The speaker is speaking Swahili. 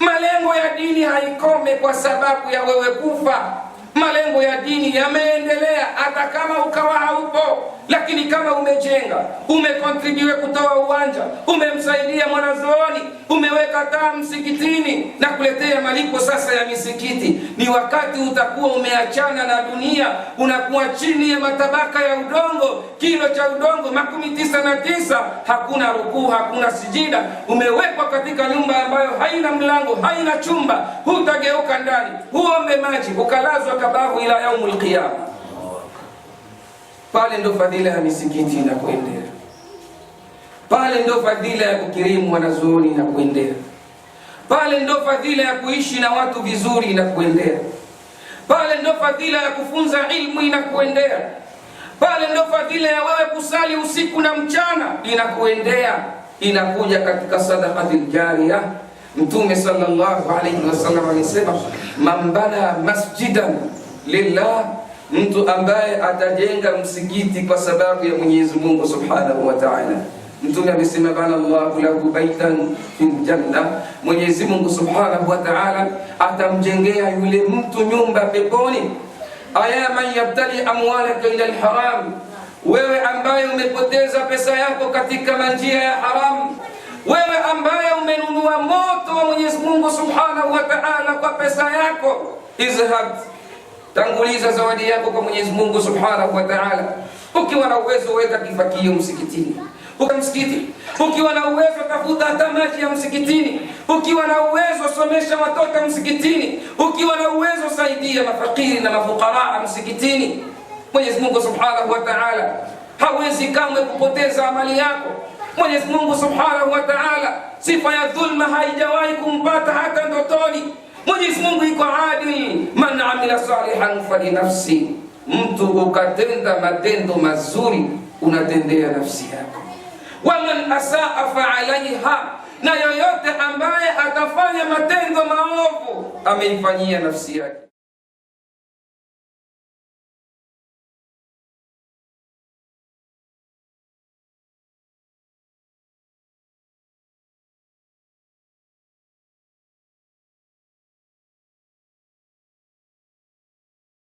Malengo ya dini haikome kwa sababu ya wewe kufa. Malengo mambo ya dini yameendelea, hata kama ukawa haupo, lakini kama umejenga, umekontribue kutoa uwanja, umemsaidia mwanazooni umeweka taa msikitini na kuletea malipo sasa ya misikiti, ni wakati utakuwa umeachana na dunia, unakuwa chini ya matabaka ya udongo, kilo cha udongo makumi tisa na tisa, hakuna rukuu, hakuna sijida, umewekwa katika nyumba ambayo haina mlango, haina chumba, hutageuka ndani, huombe maji, ukalazwa kabahu ila yaumul qiyama. Pale ndo fadhila ya misikiti inakuendea, pale ndo fadhila ya kukirimu wanazuoni inakuendea, pale ndo fadhila ya kuishi na watu vizuri inakuendea, pale ndo fadhila ya kufunza ilmu inakuendea, pale ndo fadhila ya wewe kusali usiku na mchana inakuendea. Inakuja katika sadaqatil jariya. Mtume sallallahu alayhi wasallam alisema man bana masjidan lillah, mtu ambaye atajenga msikiti kwa sababu ya Mwenyezi Mungu Subhanahu wa Ta'ala. Mtume amesema bana Allahu lahu baitan fil janna, Mwenyezi Subhanahu wa Ta'ala atamjengea yule mtu nyumba peponi. Aya man yabtali amwalaka ila alharam, wewe ambaye umepoteza pesa yako katika manjia ya haramu wewe ambaye umenunua moto wa Mwenyezi Mungu Subhanahu wa Ta'ala kwa pesa yako, izhab Tanguliza zawadi yako kwa Mwenyezi Mungu Subhanahu wa Ta'ala. Ukiwa na uwezo weka kifakio msikitini msikiti ukiwa na uwezo tafuta hata maji ya msikitini. Ukiwa na uwezo somesha watoto msikitini. Ukiwa na uwezo saidia mafakiri na mafukaraa msikitini. Mwenyezi Mungu Subhanahu wa Ta'ala hawezi kamwe kupoteza amali yako. Mwenyezi Mungu Subhanahu wa Ta'ala, sifa ya dhulma haijawahi kumpata hata ndotoni. Mwenyezi Mungu iko adil, man amila salihan fali nafsi, mtu ukatenda matendo mazuri unatendea nafsi yako. Waman asaa fa alaiha, na yoyote ambaye atafanya matendo maovu ameifanyia nafsi yake.